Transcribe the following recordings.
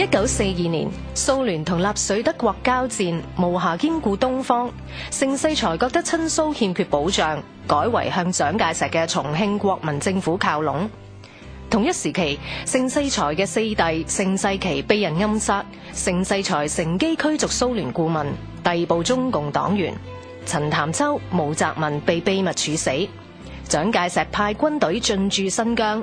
一九四二年，蘇聯同納粹德國交戰，無暇兼顧東方。盛世才覺得親蘇欠缺保障，改為向蔣介石嘅重慶國民政府靠攏。同一時期，盛世才嘅四弟盛世奇被人暗殺，盛世才乘機驅逐蘇聯顧問，逮捕中共黨員陳潭秋、毛澤民被秘密處死。蔣介石派軍隊進駐新疆。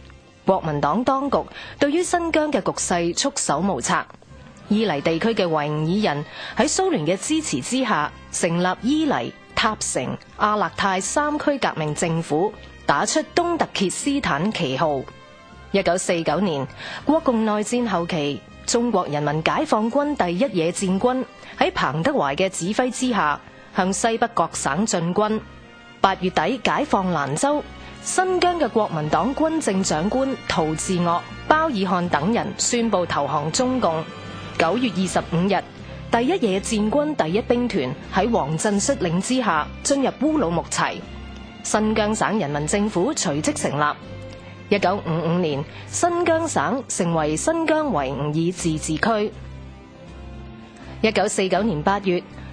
國民黨當局對於新疆嘅局勢束手無策。伊犁地區嘅維吾爾人喺蘇聯嘅支持之下，成立伊犁塔城阿勒泰三區革命政府，打出東突厥斯坦旗號。一九四九年，國共內戰後期，中國人民解放軍第一野戰軍喺彭德懷嘅指揮之下，向西北各省進軍。八月底，解放蘭州。新疆嘅國民黨軍政長官陶峙岳、包爾漢等人宣布投降中共。九月二十五日，第一野戰軍第一兵團喺王震率領之下進入烏魯木齊，新疆省人民政府隨即成立。一九五五年，新疆省成為新疆維吾爾自治區。一九四九年八月。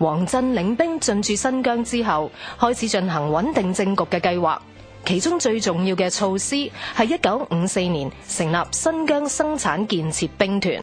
王震領兵進駐新疆之後，開始進行穩定政局嘅計劃，其中最重要嘅措施係一九五四年成立新疆生產建設兵團。